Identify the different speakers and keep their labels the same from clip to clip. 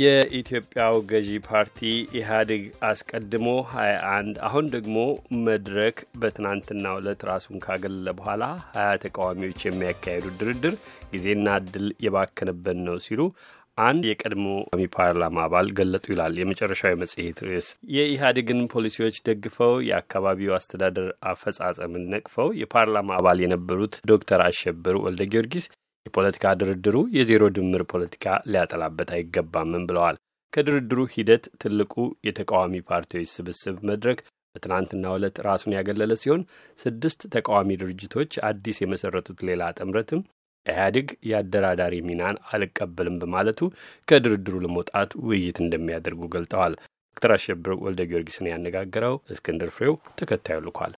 Speaker 1: የኢትዮጵያው ገዢ ፓርቲ ኢህአዴግ አስቀድሞ 21 አሁን ደግሞ መድረክ በትናንትናው ዕለት ራሱን ካገለለ በኋላ 20 ተቃዋሚዎች የሚያካሄዱት ድርድር ጊዜና እድል የባከነበት ነው ሲሉ አንድ የቀድሞ ሚ ፓርላማ አባል ገለጡ ይላል የመጨረሻዊ መጽሔት ርዕስ። የኢህአዴግን ፖሊሲዎች ደግፈው የአካባቢው አስተዳደር አፈጻጸምን ነቅፈው የፓርላማ አባል የነበሩት ዶክተር አሸብር ወልደ ጊዮርጊስ የፖለቲካ ድርድሩ የዜሮ ድምር ፖለቲካ ሊያጠላበት አይገባምም ብለዋል። ከድርድሩ ሂደት ትልቁ የተቃዋሚ ፓርቲዎች ስብስብ መድረክ በትናንትና ዕለት ራሱን ያገለለ ሲሆን ስድስት ተቃዋሚ ድርጅቶች አዲስ የመሰረቱት ሌላ ጥምረትም ኢህአዴግ የአደራዳሪ ሚናን አልቀበልም በማለቱ ከድርድሩ ለመውጣት ውይይት እንደሚያደርጉ ገልጠዋል። ዶክተር አሸብር ወልደ ጊዮርጊስን ያነጋገረው እስክንድር ፍሬው ተከታዩ ልኳል።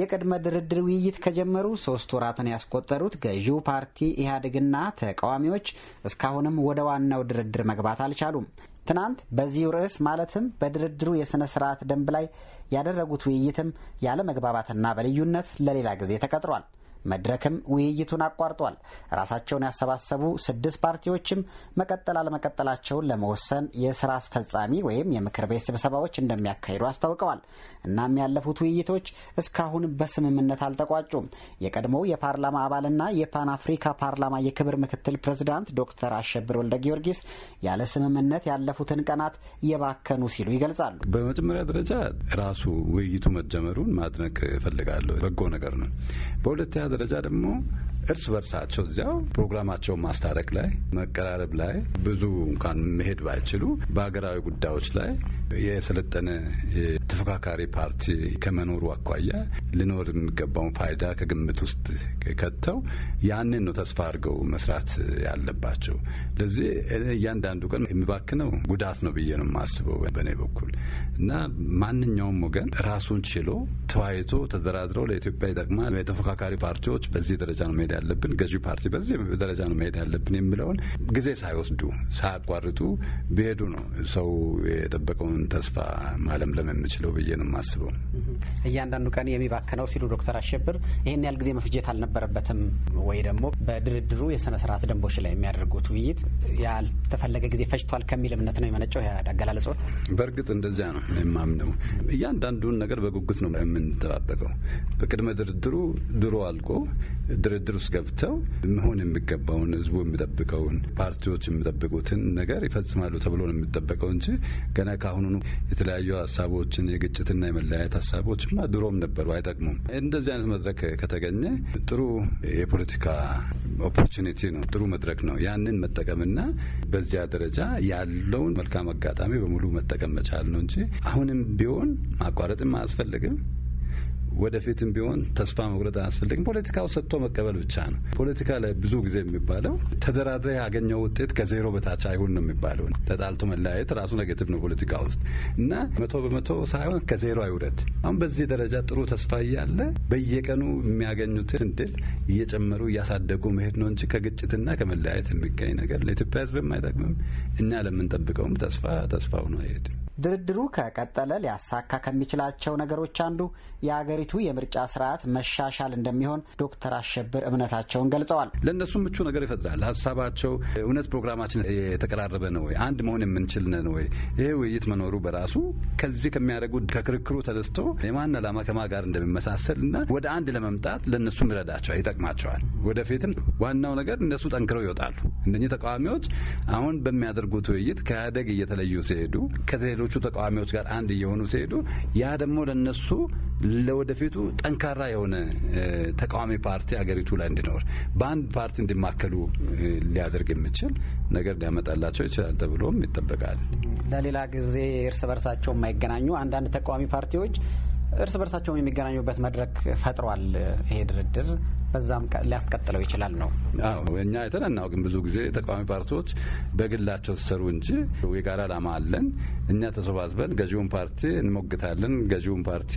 Speaker 2: የቅድመ ድርድር ውይይት ከጀመሩ ሶስት ወራትን ያስቆጠሩት ገዢው ፓርቲ ኢህአዴግና ተቃዋሚዎች እስካሁንም ወደ ዋናው ድርድር መግባት አልቻሉም። ትናንት በዚሁ ርዕስ ማለትም በድርድሩ የሥነ ሥርዓት ደንብ ላይ ያደረጉት ውይይትም ያለ መግባባትና በልዩነት ለሌላ ጊዜ ተቀጥሯል። መድረክም ውይይቱን አቋርጧል። ራሳቸውን ያሰባሰቡ ስድስት ፓርቲዎችም መቀጠል አለመቀጠላቸውን ለመወሰን የስራ አስፈጻሚ ወይም የምክር ቤት ስብሰባዎች እንደሚያካሂዱ አስታውቀዋል። እናም ያለፉት ውይይቶች እስካሁን በስምምነት አልተቋጩም። የቀድሞው የፓርላማ አባልና የፓን አፍሪካ ፓርላማ የክብር ምክትል ፕሬዝዳንት ዶክተር አሸብር ወልደ ጊዮርጊስ ያለ ስምምነት ያለፉትን ቀናት የባከኑ ሲሉ ይገልጻሉ። በመጀመሪያ
Speaker 3: ደረጃ ራሱ ውይይቱ መጀመሩን ማድነቅ እፈልጋለሁ። በጎ ነገር ነው። በሁለተኛ ደረጃ ደግሞ እርስ በርሳቸው እዚያው ፕሮግራማቸውን ማስታረቅ ላይ መቀራረብ ላይ ብዙ እንኳን መሄድ ባይችሉ በሀገራዊ ጉዳዮች ላይ የሰለጠነ ተፎካካሪ ፓርቲ ከመኖሩ አኳያ ሊኖር የሚገባውን ፋይዳ ከግምት ውስጥ ከተው ያንን ነው ተስፋ አድርገው መስራት ያለባቸው። ለዚህ እያንዳንዱ ቀን የሚባክነው ጉዳት ነው ብዬ ነው የማስበው በእኔ በኩል እና ማንኛውም ወገን ራሱን ችሎ ተወያይቶ ተደራድረው ለኢትዮጵያ ይጠቅማል፣ የተፎካካሪ ፓርቲዎች በዚህ ደረጃ ነው መሄድ ያለብን፣ ገዢው ፓርቲ በዚህ ደረጃ ነው መሄድ ያለብን የሚለውን ጊዜ ሳይወስዱ ሳያቋርጡ ቢሄዱ ነው ሰው የጠበቀውን ተስፋ ማለምለም የምችለው ብዬ ነው የማስበው።
Speaker 2: እያንዳንዱ ቀን የሚባክነው ሲሉ ዶክተር አሸብር ይህን ያህል ጊዜ መፍጀት አልነበረበትም ወይ ደግሞ በድርድሩ የስነ ስርዓት ደንቦች ላይ የሚያደርጉት ውይይት ያልተፈለገ ጊዜ ፈጅቷል ከሚል እምነት ነው የመነጨው አገላለጽ።
Speaker 3: በእርግጥ እንደዚያ ነው የማምነው። እያንዳንዱን ነገር በጉጉት ነው የምንጠባበቀው። በቅድመ ድርድሩ ድሮ አልቆ ድርድር ውስጥ ገብተው መሆን የሚገባውን ህዝቡ የሚጠብቀውን ፓርቲዎች የሚጠብቁትን ነገር ይፈጽማሉ ተብሎ ነው የሚጠበቀው እንጂ ገና ከአሁኑ ነው። የተለያዩ ሀሳቦችን የግጭትና የመለያየት ሀሳቦችማ ድሮም ነበሩ፣ አይጠቅሙም። እንደዚህ አይነት መድረክ ከተገኘ ጥሩ የፖለቲካ ኦፖርቹኒቲ ነው፣ ጥሩ መድረክ ነው። ያንን መጠቀምና በዚያ ደረጃ ያለውን መልካም አጋጣሚ በሙሉ መጠቀም መቻል ነው እንጂ አሁንም ቢሆን ማቋረጥም አያስፈልግም። ወደፊትም ቢሆን ተስፋ መቁረጥ አያስፈልግም። ፖለቲካው ሰጥቶ መቀበል ብቻ ነው። ፖለቲካ ላይ ብዙ ጊዜ የሚባለው ተደራድረ ያገኘው ውጤት ከዜሮ በታች አይሁን ነው የሚባለው። ተጣልቶ መለያየት ራሱ ኔጌቲቭ ነው ፖለቲካ ውስጥ እና መቶ በመቶ ሳይሆን ከዜሮ አይውረድ። አሁን በዚህ ደረጃ ጥሩ ተስፋ እያለ በየቀኑ የሚያገኙትን ድል እየጨመሩ እያሳደጉ መሄድ ነው እንጂ ከግጭትና ከመለያየት የሚገኝ ነገር ለኢትዮጵያ ሕዝብም አይጠቅምም። እኛ ለምንጠብቀውም ተስፋ ተስፋው ነው አይሄድም።
Speaker 2: ድርድሩ ከቀጠለ ሊያሳካ ከሚችላቸው ነገሮች አንዱ የአገሪቱ የምርጫ ስርዓት መሻሻል እንደሚሆን ዶክተር አሸብር እምነታቸውን
Speaker 3: ገልጸዋል። ለእነሱም ምቹ ነገር ይፈጥራል ሀሳባቸው። እውነት ፕሮግራማችን የተቀራረበ ነው ወይ? አንድ መሆን የምንችል ነን ወይ? ይህ ውይይት መኖሩ በራሱ ከዚህ ከሚያደርጉ ከክርክሩ ተነስቶ የማን ዓላማ ከማ ጋር እንደሚመሳሰል እና ወደ አንድ ለመምጣት ለእነሱም ይረዳቸዋል፣ ይጠቅማቸዋል። ወደፊትም ዋናው ነገር እነሱ ጠንክረው ይወጣሉ። እነኚህ ተቃዋሚዎች አሁን በሚያደርጉት ውይይት ከኢህአዴግ እየተለዩ ሲሄዱ ከሌሎ ከሌሎቹ ተቃዋሚዎች ጋር አንድ እየሆኑ ሲሄዱ ያ ደግሞ ለነሱ ለወደፊቱ ጠንካራ የሆነ ተቃዋሚ ፓርቲ አገሪቱ ላይ እንዲኖር በአንድ ፓርቲ እንዲማከሉ ሊያደርግ የሚችል ነገር ሊያመጣላቸው ይችላል ተብሎም ይጠበቃል።
Speaker 2: ለሌላ ጊዜ እርስ በርሳቸው የማይገናኙ አንዳንድ ተቃዋሚ ፓርቲዎች እርስ በርሳቸውም የሚገናኙበት መድረክ ፈጥሯል። ይሄ ድርድር በዛም ሊያስቀጥለው ይችላል ነው።
Speaker 3: እኛ የተነናው ግን ብዙ ጊዜ ተቃዋሚ ፓርቲዎች በግላቸው ሲሰሩ እንጂ የጋራ ዓላማ አለን። እኛ ተሰባስበን ገዢውን ፓርቲ እንሞግታለን፣ ገዢውን ፓርቲ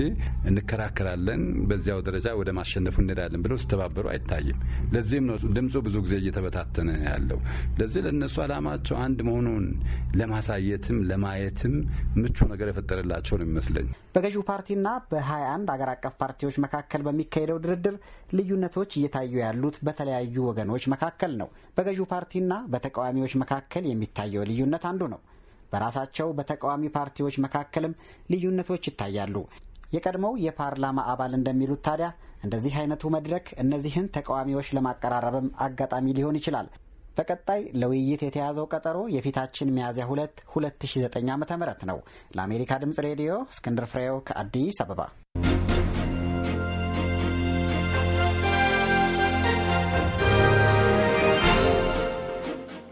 Speaker 3: እንከራከራለን፣ በዚያው ደረጃ ወደ ማሸነፉ እንሄዳለን ብለው ሲተባበሩ አይታይም። ለዚህም ነው ድምፁ ብዙ ጊዜ እየተበታተነ ያለው። ለዚህ ለእነሱ ዓላማቸው አንድ መሆኑን ለማሳየትም ለማየትም ምቹ ነገር የፈጠረላቸው ነው የሚመስለኝ።
Speaker 2: በገዢው ፓርቲና በ21 አገር አቀፍ ፓርቲዎች መካከል በሚካሄደው ድርድር ልዩነቶች ግጭቶች እየታዩ ያሉት በተለያዩ ወገኖች መካከል ነው። በገዢው ፓርቲና በተቃዋሚዎች መካከል የሚታየው ልዩነት አንዱ ነው። በራሳቸው በተቃዋሚ ፓርቲዎች መካከልም ልዩነቶች ይታያሉ። የቀድሞው የፓርላማ አባል እንደሚሉት ታዲያ እንደዚህ አይነቱ መድረክ እነዚህን ተቃዋሚዎች ለማቀራረብም አጋጣሚ ሊሆን ይችላል። በቀጣይ ለውይይት የተያዘው ቀጠሮ የፊታችን ሚያዝያ 2 2009 ዓ ም ነው። ለአሜሪካ ድምፅ ሬዲዮ እስክንድር ፍሬው ከአዲስ አበባ